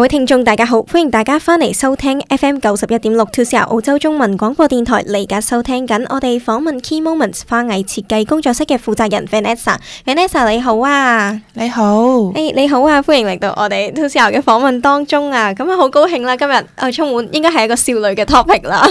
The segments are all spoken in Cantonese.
各位聽眾大家好，歡迎大家翻嚟收聽 FM 九十一點六 2CR 澳洲中文廣播電台。嚟緊收聽緊我哋訪問 Key Moments 花藝設計工作室嘅負責人 Vanessa，Vanessa 你好啊。你好，誒、hey, 你好啊，歡迎嚟到我哋 2CR 嘅訪問當中啊，咁啊好高興啦，今日啊充滿應該係一個少女嘅 topic 啦。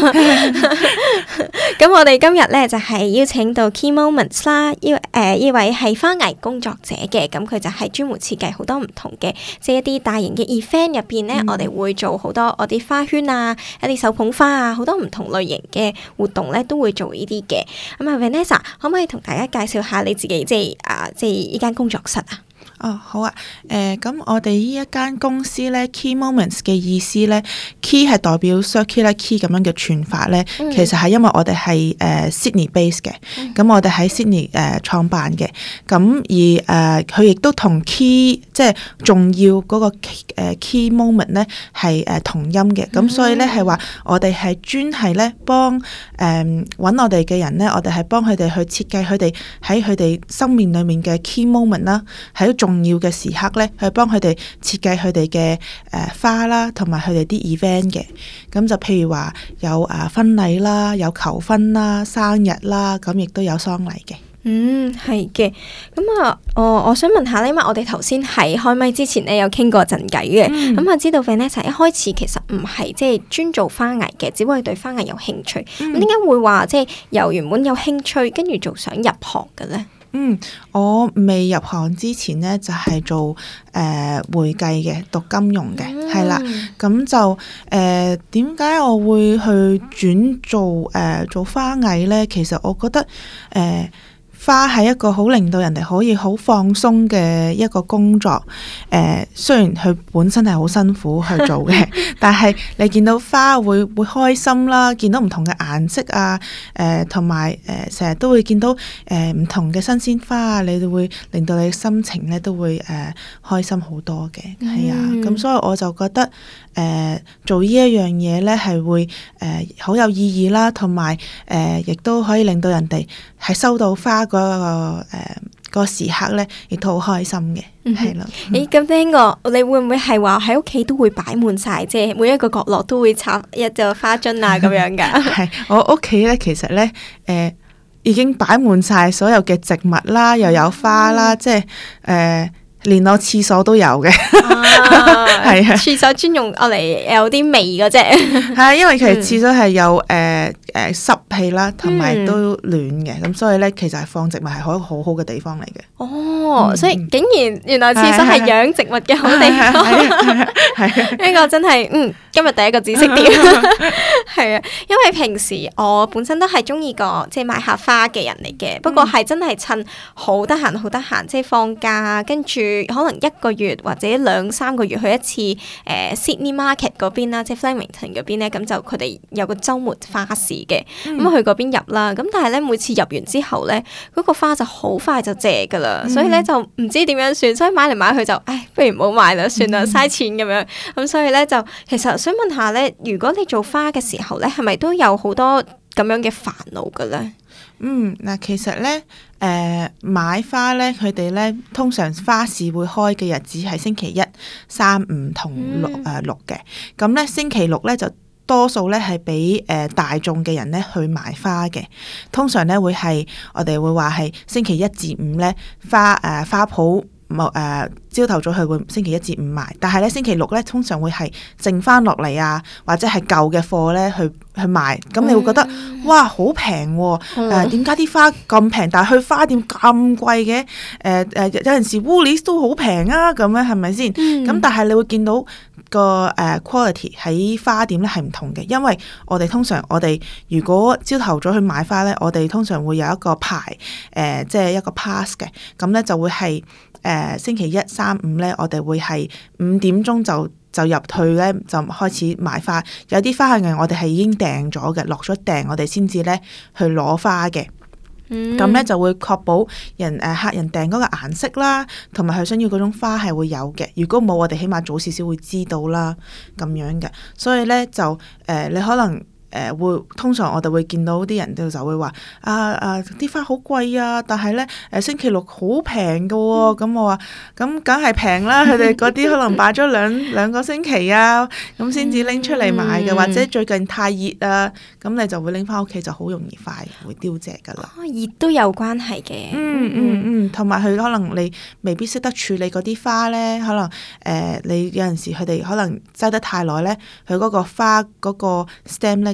咁我哋今日咧就係、是、邀請到 Key Moments 啦，呢誒呢位係花藝工作者嘅，咁佢就係專門設計好多唔同嘅即係一啲大型嘅 event。入邊咧，我哋會做好多我啲花圈啊，一啲手捧花啊，好多唔同類型嘅活動咧，都會做呢啲嘅。咁啊，Vanessa 可唔可以同大家介紹下你自己，即係啊，即係呢間工作室啊？哦，oh, 好啊，誒、呃，咁我哋呢一間公司咧，Quay Moments 嘅意思咧，Quay 係代表 Circular Quay 咁樣嘅串法咧，mm hmm. 其實係因為我哋係誒 Sydney base 嘅，咁、mm hmm. 我哋喺 Sydney 誒、uh, 創辦嘅，咁而誒佢、uh, 亦都同 key 即係重要個誒 key,、uh, key moment 咧係誒同音嘅，咁、mm hmm. 所以咧係話我哋係專係咧幫誒揾我哋嘅人咧，我哋係幫佢哋去設計佢哋喺佢哋生命裏面嘅 key moment 啦，喺仲。重要嘅時刻咧，去幫佢哋設計佢哋嘅誒花啦，同埋佢哋啲 event 嘅。咁就譬如話有誒婚禮啦，有求婚啦，生日啦，咁亦都有喪禮嘅。嗯，係嘅。咁啊，我、呃、我想問下咧，因為我哋頭先喺開咪之前咧有傾過陣偈嘅。咁啊、嗯，嗯、我知道 Vanessa 一開始其實唔係即係專做花藝嘅，只不過對花藝有興趣。咁點解會話即係由原本有興趣，跟住仲想入行嘅咧？嗯，我未入行之前呢，就係、是、做誒、呃、會計嘅，讀金融嘅係啦。咁、嗯、就誒，點、呃、解我會去轉做誒、呃、做花藝咧？其實我覺得誒。呃花係一個好令到人哋可以好放鬆嘅一個工作。誒、呃，雖然佢本身係好辛苦去做嘅， 但係你見到花會會開心啦，見到唔同嘅顏色啊，誒同埋誒成日都會見到誒唔、呃、同嘅新鮮花啊，你會令到你心情咧都會誒、呃、開心好多嘅。係、嗯、啊，咁所以我就覺得誒、呃、做呢一樣嘢咧係會誒好、呃、有意義啦，同埋誒亦都可以令到人哋係收到花。嗰、那個誒，呃那個時刻咧，亦都好開心嘅，係咯、嗯哼。誒的，咁呢個你會唔會係話喺屋企都會擺滿晒，即係每一個角落都會插一隻花樽啊，咁樣噶？係我屋企咧，其實咧，誒、呃，已經擺滿晒所有嘅植物啦，又有花啦，嗯、即係誒、呃，連我廁所都有嘅，係啊。廁 的所專用，用，我嚟，有啲味嘅啫。係啊，因為其實廁所係有誒。呃誒、呃、濕氣啦，同埋都暖嘅，咁所以咧，其實係放植物係可以好好嘅地方嚟嘅。哦，所以竟然原來廁所係養植物嘅好地方。係啊，呢個真係，嗯，今日第一個知識點係啊， 因為平時我本身都係中意個即係買下花嘅人嚟嘅，嗯、不過係真係趁好得閒、好得閒，即係放假，跟住可能一個月或者兩三個月去一次誒 Sydney、呃、Market 嗰邊啦，即、就、係、是、Flemington 嗰邊咧，咁就佢哋有個週末花市。嗯嘅咁、嗯、去嗰邊入啦，咁但係咧每次入完之後咧，嗰、那個花就好快就謝噶啦，嗯、所以咧就唔知點樣算，所以買嚟買去就，唉，不如唔好買啦，算啦，嘥、嗯、錢咁樣，咁所以咧就，其實想問下咧，如果你做花嘅時候咧，係咪都有好多咁樣嘅煩惱噶咧？嗯，嗱，其實咧，誒、呃，買花咧，佢哋咧通常花市會開嘅日子係星期一、三、五同六誒、嗯呃、六嘅，咁咧星期六咧就。多數咧係俾誒大眾嘅人咧去買花嘅，通常咧會係我哋會話係星期一至五咧花誒、啊、花圃冇誒朝頭早去會，會星期一至五買。但係咧星期六咧，通常會係剩翻落嚟啊，或者係舊嘅貨咧去去買。咁你會覺得、嗯、哇好平喎！誒點解啲花咁平，但係去花店咁貴嘅？誒、呃、誒、呃、有陣時 Woolies 都好平啊，咁樣係咪先？咁、嗯、但係你會見到。個誒 quality 喺花店咧係唔同嘅，因為我哋通常我哋如果朝頭早去買花咧，我哋通常會有一個牌誒、呃，即係一個 pass 嘅，咁咧就會係誒、呃、星期一三五咧，我哋會係五點鐘就就入去咧就開始買花，有啲花係我哋係已經訂咗嘅，落咗訂我哋先至咧去攞花嘅。咁咧、嗯、就會確保人，誒，客人訂嗰個顏色啦，同埋佢想要嗰種花係會有嘅。如果冇，我哋起碼早少少會知道啦。咁樣嘅，所以咧就誒、呃、你可能。誒會通常我哋會見到啲人就會話啊啊啲花好貴啊，但係咧誒星期六好平嘅喎，咁、嗯、我話咁梗係平啦。佢哋嗰啲可能擺咗兩兩個星期啊，咁先至拎出嚟買嘅，嗯、或者最近太熱啊，咁你就會拎翻屋企就好容易快會凋謝㗎啦。熱都有關係嘅、嗯，嗯嗯嗯，同埋佢可能你未必識得處理嗰啲花咧，可能誒、呃、你有陣時佢哋可能擠得太耐咧，佢嗰個花嗰、嗰個嗰個 stem 咧。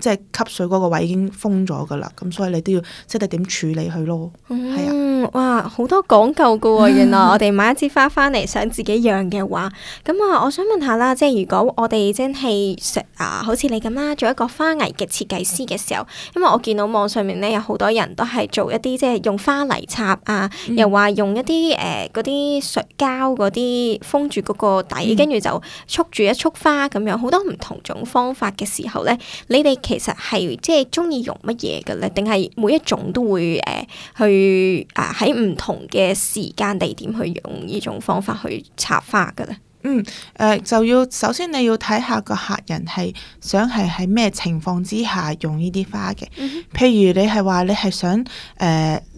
即係吸水嗰個位已經封咗噶啦，咁所以你都要即係點處理佢咯？係、嗯、啊，哇，好多講究噶喎！原來我哋買一支花翻嚟 想自己養嘅話，咁、嗯、啊，我想問下啦，即係如果我哋真係啊，好似你咁啦，做一個花藝嘅設計師嘅時候，因為我見到網上面呢，有好多人都係做一啲即係用花泥插啊，又話用一啲誒嗰啲水膠嗰啲封住嗰個底，跟住就束住一束花咁樣，好多唔同種方法嘅時候呢。你哋。其實係即係中意用乜嘢嘅咧？定係每一種都會誒、呃、去啊，喺唔同嘅時間地點去用呢種方法去插花嘅咧？嗯誒、呃，就要首先你要睇下個客人係想係喺咩情況之下用呢啲花嘅。嗯、哼譬如你係話你係想誒，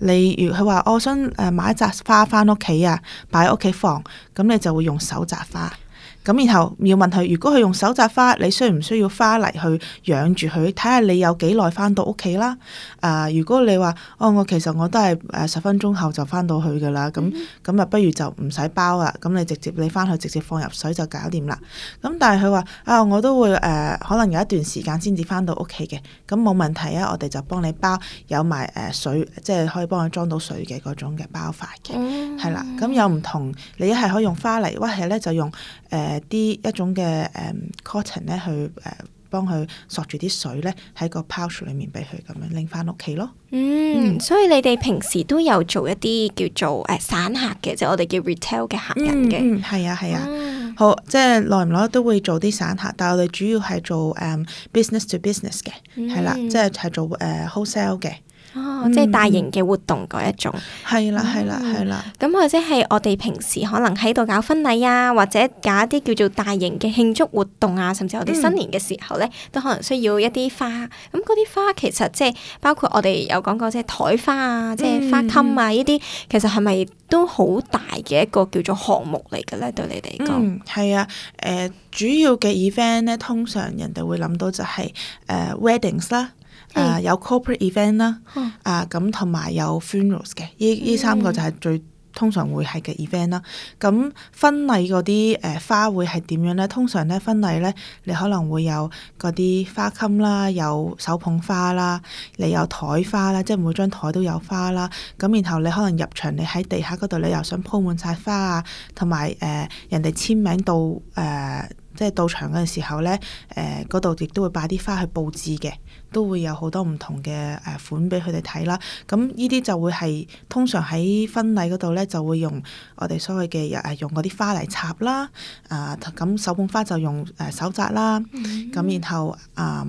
例、呃、如佢話我想誒買一扎花返屋企啊，擺喺屋企放房，咁你就會用手紮花。咁然後要問佢，如果佢用手摘花，你需唔需要花泥去養住佢？睇下你有幾耐翻到屋企啦。啊、呃，如果你話，哦，我其實我都係誒十分鐘後就翻到去噶啦，咁咁啊，不如就唔使包啦。咁你直接你翻去直接放入水就搞掂啦。咁、嗯、但係佢話啊，我都會誒、呃，可能有一段時間先至翻到屋企嘅。咁冇問題啊，我哋就幫你包有埋誒、呃、水，即、就、係、是、可以幫你裝到水嘅嗰種嘅包法嘅，係、嗯、啦。咁有唔同，你一係可以用花泥，或係咧就用誒。呃誒啲一種嘅誒 coating 咧，去誒幫佢索住啲水咧，喺個 pouch 裡面俾佢咁樣拎翻屋企咯。嗯，所以你哋平時都有做一啲叫做誒散客嘅，即、就、係、是、我哋叫 retail 嘅客人嘅。係、嗯、啊，係啊。好，即係耐唔耐都會做啲散客，但係我哋主要係做誒、um, business to business 嘅，係啦、啊，即係係做 wholesale 嘅。Uh, 哦，嗯、即係大型嘅活動嗰一種，係啦係啦係啦。咁、嗯、或者係我哋平時可能喺度搞婚禮啊，或者搞一啲叫做大型嘅慶祝活動啊，甚至我哋新年嘅時候咧，嗯、都可能需要一啲花。咁嗰啲花其實即係包括我哋有講過即係台花啊，嗯、即係花襟啊呢啲，其實係咪都好大嘅一個叫做項目嚟嘅咧？對你嚟講，係啊、嗯，誒、呃，主要嘅 event 咧，通常人哋會諗到就係誒 weddings 啦。呃 Weddings, 啊，uh, 有 corporate event 啦，嗯、啊，咁同埋有，有 funerals 嘅，呢呢三個就係最通常會係嘅 event 啦。咁婚、嗯、禮嗰啲誒花會係點樣呢？通常咧婚禮咧，你可能會有嗰啲花襟啦，有手捧花啦，你有台花啦，即係每張台都有花啦。咁然後你可能入場，你喺地下嗰度，你又想鋪滿晒花啊，同埋誒人哋簽名到誒。呃即係到場嗰陣時候呢，誒、呃，嗰度亦都會擺啲花去佈置嘅，都會有好多唔同嘅誒、呃、款俾佢哋睇啦。咁呢啲就會係通常喺婚禮嗰度呢，就會用我哋所謂嘅誒用嗰啲花嚟插啦。啊、呃，咁手捧花就用誒、呃、手紮啦。咁、mm hmm. 然後誒。呃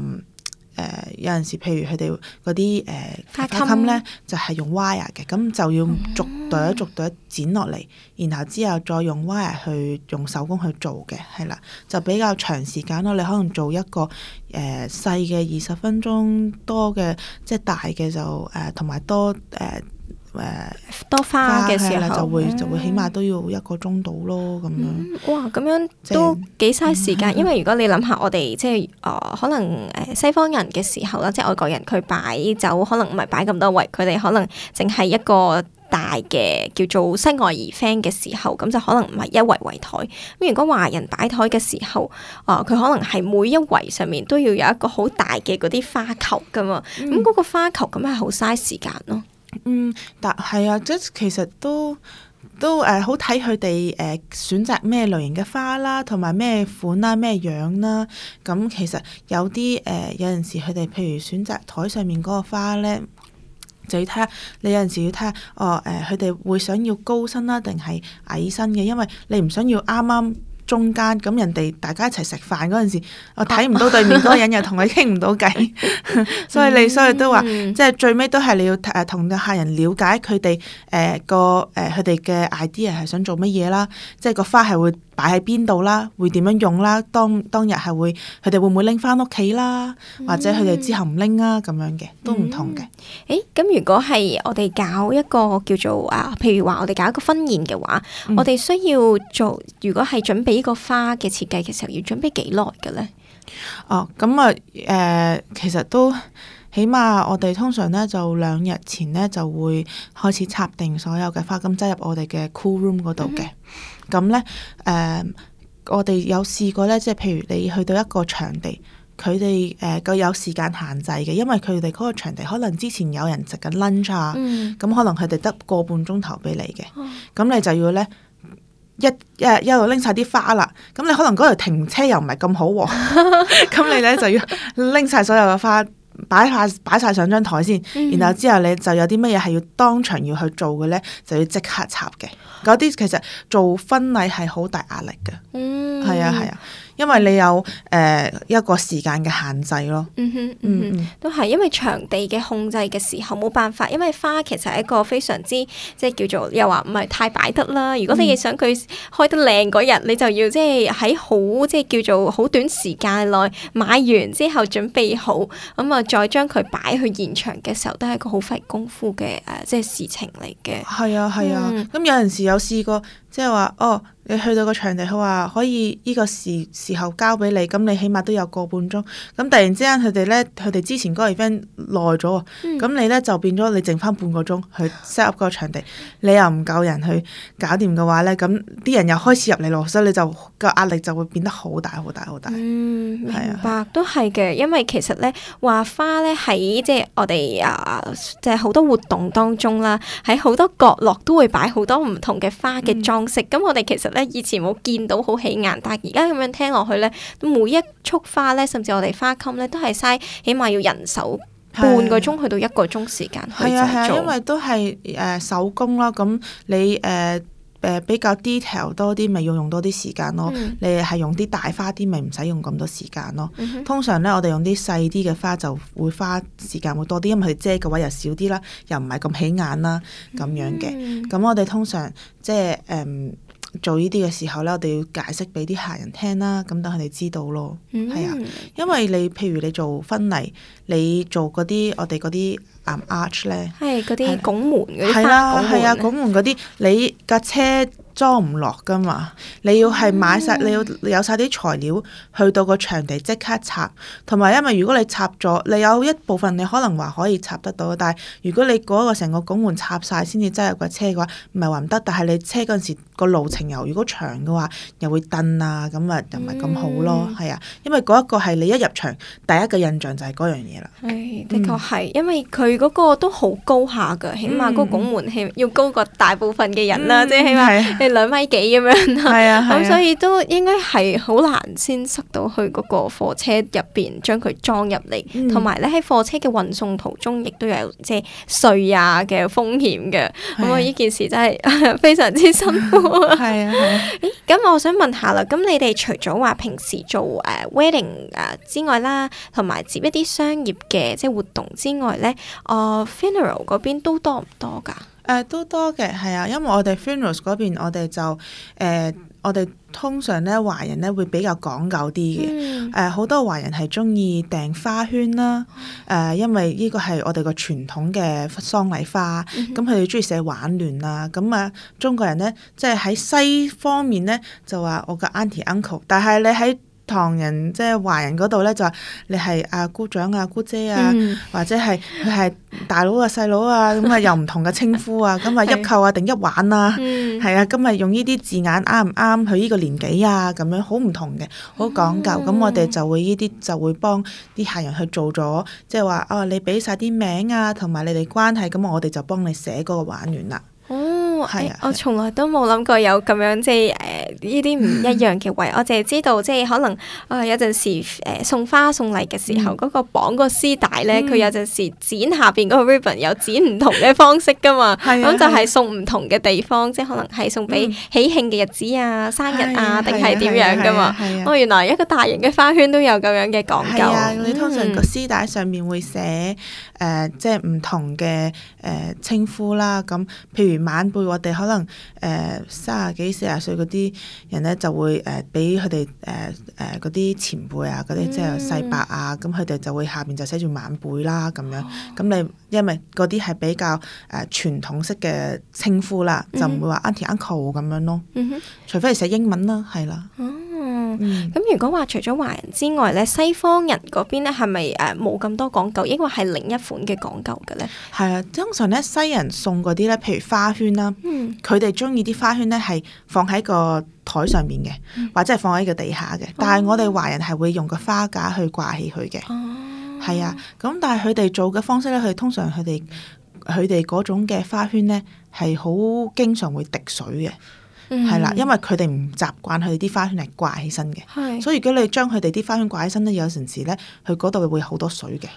誒、呃、有陣時，譬如佢哋嗰啲誒花襟咧，呃、就係用 wire 嘅，咁就要逐朵逐朵剪落嚟，嗯、然後之後再用 wire 去用手工去做嘅，係啦，就比較長時間咯。你可能做一個誒細嘅二十分鐘多嘅，即係大嘅就誒同埋多誒。呃多花嘅時候就會就會起碼都要一個鐘到咯，咁樣、嗯嗯、哇，咁樣都幾嘥時間。因為如果你諗下我哋即係誒，可能誒西方人嘅時候啦，即係外國人佢擺酒，可能唔係擺咁多位，佢哋可能淨係一個大嘅叫做室外 event 嘅時候，咁就可能唔係一圍圍台。咁如果華人擺台嘅時候，啊、呃，佢可能係每一圍上面都要有一個好大嘅嗰啲花球噶嘛，咁嗰、嗯、個花球咁係好嘥時間咯。嗯，但係啊，即其實都都誒、呃，好睇佢哋誒選擇咩類型嘅花啦，同埋咩款啦、啊，咩樣啦、啊。咁、嗯、其實有啲誒、呃，有陣時佢哋譬如選擇台上面嗰個花呢，就要睇下你有陣時要睇下哦誒，佢、呃、哋、呃、會想要高身啦、啊，定係矮身嘅，因為你唔想要啱啱。中間咁人哋大家一齊食飯嗰陣時，我睇唔到對面嗰個人 又同你傾唔到偈， 所以你所以都話， 即係最尾都係你要誒同個客人了解佢哋誒個誒佢、呃、哋嘅 idea 係想做乜嘢啦，即係個花係會。擺喺邊度啦，會點樣用啦？當當日係會佢哋會唔會拎翻屋企啦？嗯、或者佢哋之後唔拎啊？咁樣嘅都唔同嘅。誒、嗯，咁、嗯欸、如果係我哋搞一個叫做啊，譬如話我哋搞一個婚宴嘅話，嗯、我哋需要做如果係準備呢個花嘅設計，嘅時候，要準備幾耐嘅呢？哦、咁、嗯、啊、誒、呃，其實都。起碼我哋通常咧就兩日前咧就會開始插定所有嘅花，咁擠入我哋嘅 cool room 嗰度嘅。咁咧誒，我哋有試過咧，即係譬如你去到一個場地，佢哋誒個有時間限制嘅，因為佢哋嗰個場地可能之前有人食緊 lunch 啊，咁、嗯嗯、可能佢哋得個半鐘頭俾你嘅。咁、哦、你就要咧一一一路拎晒啲花啦。咁你可能嗰度停車又唔係咁好，啊，咁你咧就要拎晒所有嘅花。擺下擺晒上張台先，mm hmm. 然後之後你就有啲乜嘢係要當場要去做嘅咧，就要即刻插嘅。嗰啲其實做婚禮係好大壓力嘅，係啊，係啊。因為你有誒、呃、一個時間嘅限制咯。嗯哼，嗯都係因為場地嘅控制嘅時候冇辦法，因為花其實係一個非常之即係叫做又話唔係太擺得啦。如果你要想佢開得靚嗰日，嗯、你就要即係喺好即係叫做好短時間內買完之後準備好，咁啊再將佢擺去現場嘅時候，都係一個好費功夫嘅誒即係事情嚟嘅。係、嗯、啊，係啊，咁有陣時有試過。即係話哦，你去到個場地佢話可以依個時時候交俾你，咁你起碼都有個半鐘。咁突然之間佢哋咧，佢哋之前嗰個 event 耐咗，咁、嗯、你咧就變咗你剩翻半個鐘去 set up 個場地，你又唔夠人去搞掂嘅話咧，咁啲人又開始入嚟咯，所以你就個壓力就會變得好大好大好大。大大嗯，係啊，明白都係嘅，因為其實咧話花咧喺即係我哋啊，即係好多活動當中啦，喺好多角落都會擺好多唔同嘅花嘅裝、嗯。咁、嗯，我哋其實咧以前冇見到好起眼，但係而家咁樣聽落去咧，每一束花咧，甚至我哋花襟咧，都係嘥起碼要人手半個鐘去到一個鐘時間去製作，啊啊啊、因為都係誒、呃、手工啦。咁你誒。呃誒比較 detail 多啲，咪要用多啲時間咯。Mm hmm. 你係用啲大花啲，咪唔使用咁多時間咯。Mm hmm. 通常咧，我哋用啲細啲嘅花就會花時間會多啲，因為佢遮嘅位又少啲啦，又唔係咁起眼啦，咁樣嘅。咁、mm hmm. 我哋通常即係誒、嗯、做呢啲嘅時候咧，我哋要解釋俾啲客人聽啦，咁等佢哋知道咯，係、mm hmm. 啊。因為你譬如你做婚禮，你做嗰啲我哋嗰啲。拱 arch 咧，係嗰啲拱門嗰啲花係啊拱門嗰啲、啊、你架車裝唔落㗎嘛？你要係買晒，嗯、你要有晒啲材料去到個場地即刻插。同埋因為如果你插咗，你有一部分你可能話可以插得到，但係如果你嗰個成個拱門插晒先至揸入架車嘅話，唔係話唔得，但係你車嗰陣時。個路程又如果長嘅話，又會蹬啊，咁啊，又唔係咁好咯。係、嗯、啊，因為嗰一個係你一入場第一個印象就係嗰樣嘢啦。係，的確係，嗯、因為佢嗰個都好高下㗎，起碼嗰拱門係要高過大部分嘅人啦，即係、嗯、起碼係兩米幾咁樣啦。係啊、嗯， 咁所以都應該係好難先塞到去嗰個貨車入邊，將佢裝入嚟，同埋咧喺貨車嘅運送途中亦都有即係碎啊嘅風險嘅。咁啊的，呢件事真係非常之辛苦。 係啊，啊、 哎。咁我想問下啦，咁你哋除咗話平時做誒 wedding 誒之外啦，同埋接一啲商業嘅即係活動之外呢？哦、uh, funeral 嗰邊都多唔多噶？誒、呃，都多嘅，係啊，因為我哋 funerals 嗰邊我哋就誒。呃嗯我哋通常咧，華人咧會比較講究啲嘅，誒好、嗯呃、多華人係中意訂花圈啦，誒、呃、因為呢個係我哋個傳統嘅喪禮花，咁佢哋中意寫挽聯啦，咁啊中國人咧，即係喺西方面咧就話我嘅 Auntie uncle，但係你喺。唐人即係華人嗰度咧，就話你係阿姑丈啊、姑姐啊，嗯、或者係佢係大佬啊、細佬 啊，咁啊又唔同嘅稱呼啊，咁啊 一扣啊定一玩啊。係、嗯、啊，咁啊用呢啲字眼啱唔啱佢呢個年紀啊，咁樣好唔同嘅，好講究咁，嗯、我哋就會呢啲就會幫啲客人去做咗，即係話哦，你俾晒啲名啊，同埋你哋關係，咁我哋就幫你寫嗰個挽聯啦。係啊！我從來都冇諗過有咁樣即係誒呢啲唔一樣嘅位，我淨係知道即係可能啊有陣時誒送花送禮嘅時候，嗰個綁個絲帶咧，佢有陣時剪下邊嗰個 ribbon 有剪唔同嘅方式噶嘛，咁就係送唔同嘅地方，即係可能係送俾喜慶嘅日子啊、生日啊，定係點樣噶嘛？哦，原來一個大型嘅花圈都有咁樣嘅講究。你通常個絲帶上面會寫誒，即係唔同嘅誒稱呼啦。咁譬如晚輩。我哋可能誒、呃、三十幾四十歲嗰啲人咧，就會誒俾佢哋誒誒嗰啲前輩啊，嗰啲即係細伯啊，咁佢哋就會下邊就寫住晚輩啦、啊、咁樣。咁你因為嗰啲係比較誒、呃、傳統式嘅稱呼啦、啊，就唔會話 uncle auntie 咁樣咯。嗯、哼除非係寫英文啦、啊，係啦。咁、嗯、如果話除咗華人之外咧，西方人嗰邊咧係咪誒冇咁多講究，抑或係另一款嘅講究嘅咧？係啊，通常咧西人送嗰啲咧，譬如花圈啦，佢哋中意啲花圈咧係放喺個台上面嘅，嗯、或者係放喺個地下嘅。但係我哋華人係會用個花架去掛起佢嘅，係啊。咁、啊、但係佢哋做嘅方式咧，佢通常佢哋佢哋嗰種嘅花圈咧係好經常會滴水嘅。係啦、嗯，因為佢哋唔習慣，佢哋啲花圈係掛起身嘅，是所以如果你將佢哋啲花圈掛起身咧，有陣時咧，佢嗰度會好多水嘅，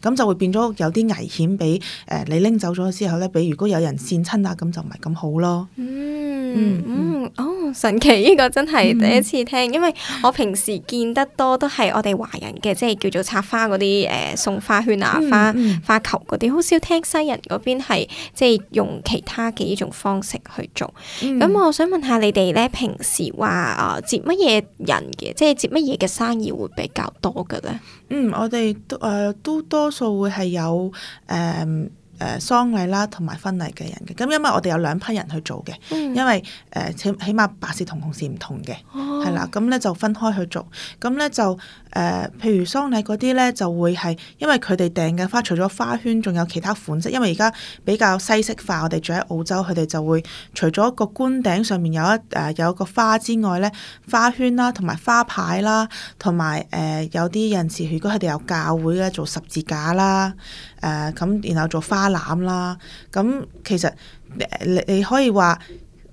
咁就會變咗有啲危險。比誒、呃，你拎走咗之後咧，比如果有人跣親啊，咁就唔係咁好咯。嗯嗯嗯哦，神奇呢，這個真係第一次聽。嗯、因為我平時見得多都係我哋華人嘅，即係叫做插花嗰啲，誒送花圈啊花花球嗰啲，好、嗯、少聽西人嗰邊係即係用其他嘅呢種方式去做。咁、嗯、我想問下你哋咧，平時話啊、呃、接乜嘢人嘅，即係接乜嘢嘅生意會比較多嘅咧？嗯，我哋誒都、呃、都多數會係有誒。呃誒、呃、喪禮啦，同埋婚禮嘅人嘅，咁因為我哋有兩批人去做嘅，嗯、因為誒起、呃、起碼白事同紅事唔同嘅，係啦、哦，咁咧、嗯、就分開去做，咁、嗯、咧就。誒、呃，譬如喪禮嗰啲呢，就會係因為佢哋訂嘅花，除咗花圈，仲有其他款式。因為而家比較西式化，我哋住喺澳洲，佢哋就會除咗個棺頂上面有一誒、呃、有一個花之外呢，花圈啦，同埋花牌啦，同埋誒有啲、呃、人士，如果佢哋有教會嘅，做十字架啦，誒、呃、咁，然後做花籃啦。咁、嗯、其實你你可以話。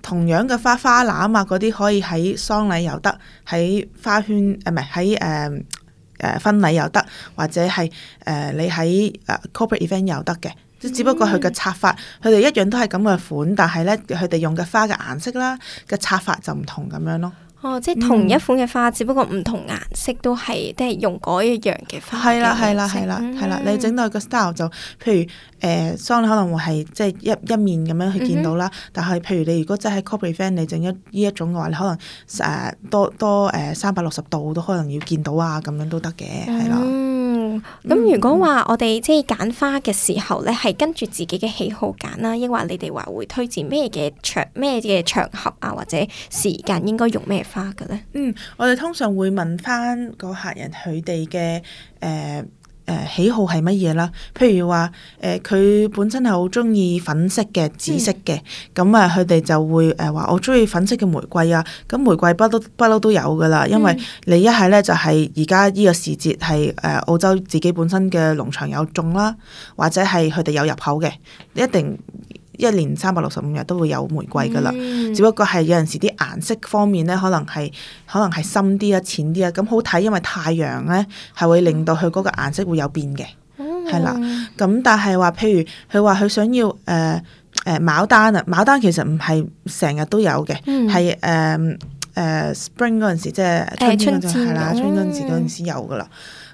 同樣嘅花花籃啊，嗰啲可以喺喪禮又得，喺花圈誒唔係喺誒誒婚禮又得，或者係誒、呃、你喺誒、呃、corporate event 又得嘅，只不過佢嘅插法，佢哋一樣都係咁嘅款，但係咧佢哋用嘅花嘅顏色啦，嘅插法就唔同咁樣咯。哦，即係同一款嘅花，嗯、只不過唔同顏色都係，即係用嗰一樣嘅花。係啦，係啦，係啦，係啦、嗯，你整到個 style 就，譬如誒，sun、呃、可能會係即係一一面咁樣去見到啦。嗯、但係，譬如你如果真係 copy fan 你整一呢一種嘅話，你可能誒、呃、多多誒三百六十度都可能要見到啊，咁樣都得嘅，係啦。嗯咁、嗯、如果話我哋即係揀花嘅時候咧，係跟住自己嘅喜好揀啦，抑或你哋話會推薦咩嘅場咩嘅場合啊，或者時間應該用咩花嘅呢？嗯，我哋通常會問返個客人佢哋嘅誒。呃誒、呃、喜好係乜嘢啦？譬如話誒，佢、呃、本身係好中意粉色嘅、紫色嘅，咁啊、嗯，佢哋、嗯嗯、就會誒話我中意粉色嘅玫瑰啊。咁玫瑰不都不嬲都有噶啦，因為你一係咧就係而家呢個時節係誒、呃、澳洲自己本身嘅農場有種啦，或者係佢哋有入口嘅，一定一年三百六十五日都會有玫瑰噶啦。嗯、只不過係有陣時啲，顏色方面咧，可能係可能係深啲啊、淺啲啊，咁、嗯、好睇，因為太陽咧係會令到佢嗰個顏色會有變嘅，係、嗯、啦。咁但係話，譬如佢話佢想要誒誒牡丹啊，牡丹其實唔係成日都有嘅，係誒誒 spring 嗰陣時，即係春天嗰陣係啦，春天嗰陣時先有噶啦。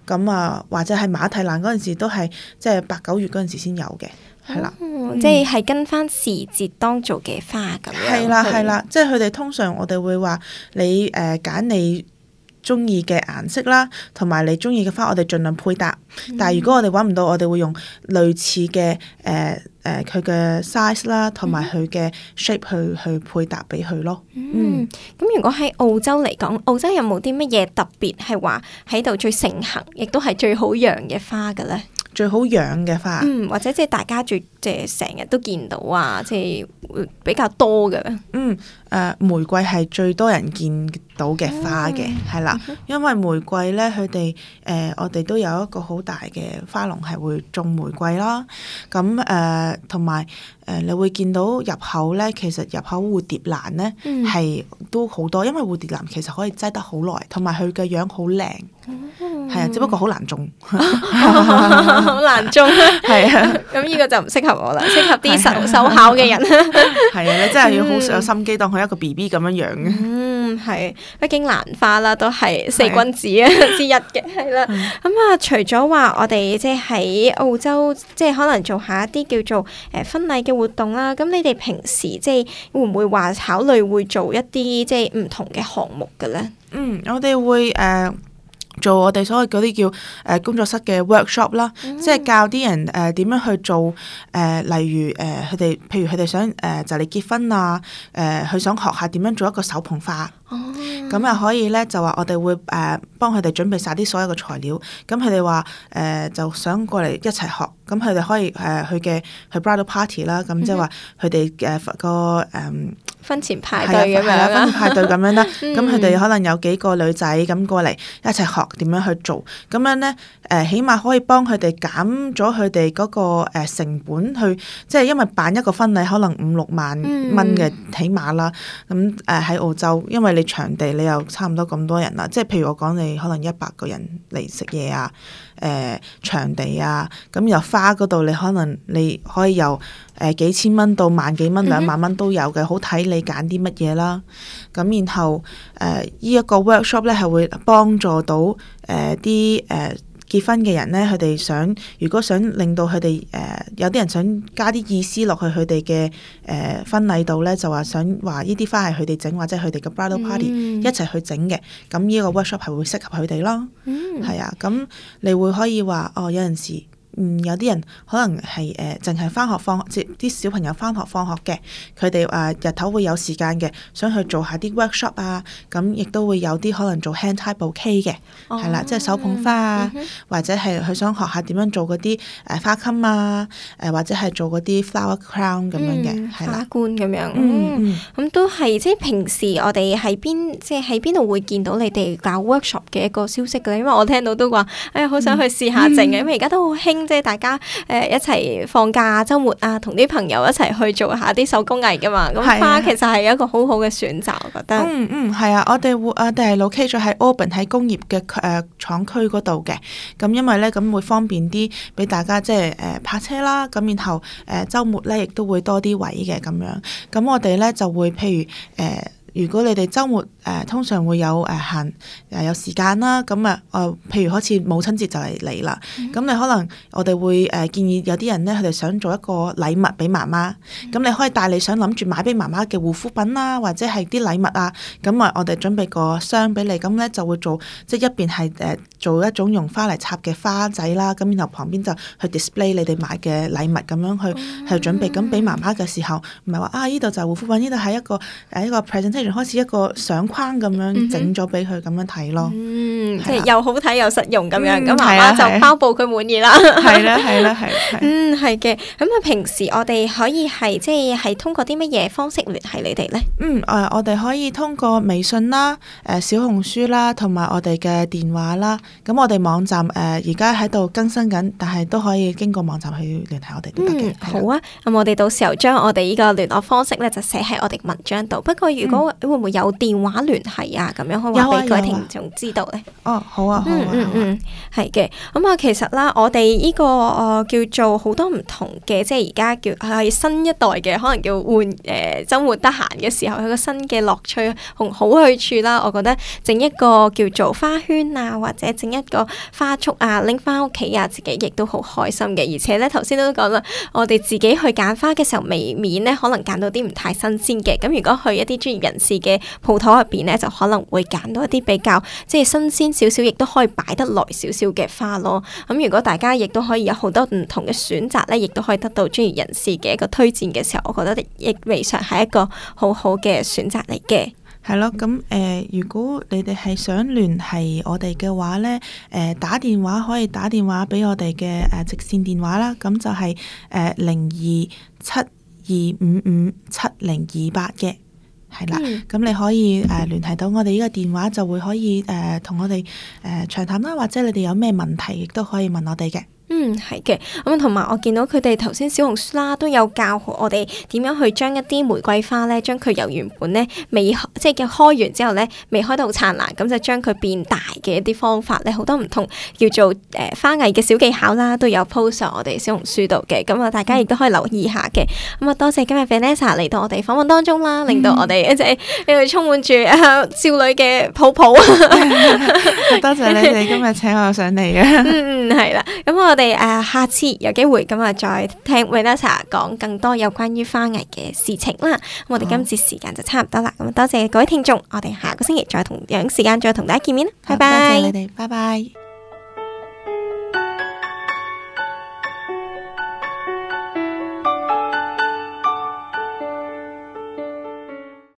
咁啊、嗯，或者係馬蹄蘭嗰陣時，都係即係八九月嗰陣時先有嘅。係、哦、啦，嗯、即係跟翻時節當造嘅花咁。係啦係啦，啦啦即係佢哋通常我哋會話你誒揀、呃、你中意嘅顏色啦，同埋你中意嘅花，我哋盡量配搭。嗯、但係如果我哋揾唔到，我哋會用類似嘅誒誒佢嘅 size 啦，同埋佢嘅 shape 去去配搭俾佢咯。嗯，咁如果喺澳洲嚟講，澳洲有冇啲乜嘢特別係話喺度最盛行，亦都係最好養嘅花嘅咧？最好養嘅花，嗯，或者即係大家最即係成日都見到啊，即係會比較多嘅啦。嗯，誒、呃，玫瑰係最多人見到嘅花嘅係啦，to to. Yeah, um, uh huh. 因為玫瑰咧，佢哋誒，我哋都有一個好大嘅花籠，係會種玫瑰啦。咁誒，同埋誒，你會見到入口咧，其實入口蝴蝶蘭咧係都好多，嗯、因為蝴蝶蘭其實可以擠得好耐，同埋佢嘅樣好靚，係啊、uh huh，只不過難好難種，好難種，係啊，咁呢個就唔適合我啦，適合啲手手巧嘅人。係啊，你真係要好有心機，當佢一個 BB 咁樣養嘅。嗯，係。北京蘭花啦，都係四君子啊之一嘅，係啦。咁啊，除咗話我哋即係喺澳洲，即係可能做下一啲叫做誒婚禮嘅活動啦。咁你哋平時即係會唔會話考慮會做一啲即係唔同嘅項目嘅呢？嗯，我哋會誒。Uh 做我哋所謂嗰啲叫誒工作室嘅 workshop 啦、mm.，即係教啲人誒點樣去做誒、呃，例如誒佢哋，譬如佢哋想誒就嚟結婚啊，誒、呃、佢想學下點樣做一個手捧花，咁又、oh. 可以咧就話我哋會誒、呃、幫佢哋準備晒啲所有嘅材料，咁佢哋話誒就想過嚟一齊學，咁佢哋可以誒佢嘅去，去 bridal party 啦，咁即係話佢哋誒個誒。呃婚前派對咁樣啦，婚、啊、前派對咁樣啦，咁佢哋可能有幾個女仔咁過嚟一齊學點樣去做，咁樣呢，誒、呃，起碼可以幫佢哋減咗佢哋嗰個誒、呃、成本去，去即係因為辦一個婚禮可能五六萬蚊嘅起碼啦，咁誒喺澳洲，因為你場地你又差唔多咁多人啦，即係譬如我講你可能一百個人嚟食嘢啊。誒、呃、場地啊，咁由花嗰度你可能你可以由誒、呃、幾千蚊到萬幾蚊兩萬蚊都有嘅，好睇你揀啲乜嘢啦。咁然後誒呢一個 workshop 呢係會幫助到誒啲誒。呃結婚嘅人咧，佢哋想如果想令到佢哋誒有啲人想加啲意思落去佢哋嘅誒婚禮度咧，就話想話呢啲花係佢哋整，或者佢哋嘅 bridal party 一齊去整嘅，咁呢、嗯、個 workshop 係會適合佢哋咯，係、嗯、啊，咁你會可以話哦，有陣時。嗯，有啲人可能係誒，淨係翻學放學即啲小朋友翻學放學嘅，佢哋話日頭會有時間嘅，想去做下啲 workshop 啊，咁亦都會有啲可能做 hand tie bouquet 嘅，係、哦、啦，即係手捧花，嗯嗯、花啊、呃，或者係佢想學下點樣做嗰啲誒花襟啊，誒或者係做嗰啲 flower crown 咁樣嘅，係、嗯、啦，花冠咁樣，嗯，咁都係即係平時我哋喺邊，即係喺邊度會見到你哋搞 workshop 嘅一個消息嘅？因為我聽到都話，哎呀、呃，好、哎呃、想去嘗嘗嘗嘗嘗嘗試下整嘅，因為而家都好興。即係大家誒、呃、一齊放假周末啊，同啲朋友一齊去做下啲手工藝噶嘛，咁花、啊，其實係一個好好嘅選擇，我覺得。嗯嗯、係、嗯、啊，我哋會啊，我哋係 locate 咗喺 Auburn 喺工業嘅誒廠區嗰度嘅，咁、呃、因為咧咁會方便啲俾大家即係誒泊車啦，咁然後誒周、呃、末咧亦都會多啲位嘅咁樣，咁我哋咧就會譬如誒。呃如果你哋周末誒、啊、通常會有誒閒誒有時間啦，咁啊誒譬如好似母親節就嚟嚟啦，咁你、mm hmm. 嗯、可能我哋會誒建議有啲人咧佢哋想做一個禮物俾媽媽，咁、嗯嗯嗯、你可以帶你想諗住買俾媽媽嘅護膚品啦，或者係啲禮物啊，咁、嗯、啊我哋準備個箱俾你，咁咧就會做即係一邊係誒、啊、做一種用花嚟插嘅花仔啦，咁然後旁邊就去 display 你哋買嘅禮物咁樣去、mm hmm. 去準備，咁俾媽媽嘅時候唔係話啊依度就係護膚品，呢度係一個誒一個裡面開始一個相框咁樣整咗俾佢咁樣睇咯，嗯，即係又好睇又實用咁樣，咁媽媽就包保佢滿意啦。係啦係啦係。嗯，係嘅。咁啊，平時我哋可以係即係係通過啲乜嘢方式聯繫你哋呢？嗯，誒、呃，我哋可以通過微信啦，誒、呃，小紅書啦，同埋我哋嘅電話啦。咁我哋網站誒而家喺度更新緊，但係都可以經過網站去聯繫我哋。都得嘅。好啊。咁、嗯、我哋到時候將我哋呢個聯絡方式咧就寫喺我哋文章度。不過如果、嗯你會唔會有電話聯繫啊？咁樣可以話俾各位聽眾知道呢。哦、oh, 啊，好啊，嗯嗯嗯，係嘅、啊。咁啊,啊,啊，其實啦，我哋呢、這個、呃、叫做好多唔同嘅，即係而家叫係新一代嘅，可能叫換誒周末得閒嘅時候，有個新嘅樂趣同好去處啦。我覺得整一個叫做花圈啊，或者整一個花束啊，拎翻屋企啊，自己亦都好開心嘅。而且呢，頭先都講啦，我哋自己去揀花嘅時候，未免呢可能揀到啲唔太新鮮嘅。咁如果去一啲專業人是嘅鋪頭入邊呢，就可能會揀到一啲比較即係新鮮少少，亦都可以擺得耐少少嘅花咯。咁、嗯、如果大家亦都可以有好多唔同嘅選擇呢，亦都可以得到專業人士嘅一個推薦嘅時候，我覺得亦未嘗係一個好好嘅選擇嚟嘅。係咯，咁誒、呃，如果你哋係想聯繫我哋嘅話呢，誒、呃，打電話可以打電話俾我哋嘅誒，直線電話啦，咁就係誒零二七二五五七零二八嘅。呃係啦，咁你可以誒、呃、聯繫到我哋呢個電話，就會可以誒同、呃、我哋誒、呃、長談啦，或者你哋有咩問題亦都可以問我哋嘅。嗯，係嘅。咁同埋我見到佢哋頭先小紅書啦，都有教我哋點樣去將一啲玫瑰花咧，將佢由原本咧未即係叫開完之後咧，未開得好燦爛，咁就將佢變大嘅一啲方法咧，好多唔同叫做誒花藝嘅小技巧啦，都有 post 上我哋小紅書度嘅。咁啊，大家亦都可以留意下嘅。咁啊，多謝今日 Vanessa 嚟到我哋訪問當中啦，令到我哋一隻一路充滿住、啊、少女嘅泡泡。 多謝你哋今日請我上嚟嘅、嗯。嗯嗯，係、嗯、啦。咁、嗯、我。嗯嗯嗯嗯我哋下次有機會咁啊，再聽 Vanessa 講更多有關於花藝嘅事情啦。咁、哦、我哋今次時間就差唔多啦，咁多謝各位聽眾，我哋下個星期再同樣時間再同大家見面啦，拜拜好。多謝你哋，拜拜 bye。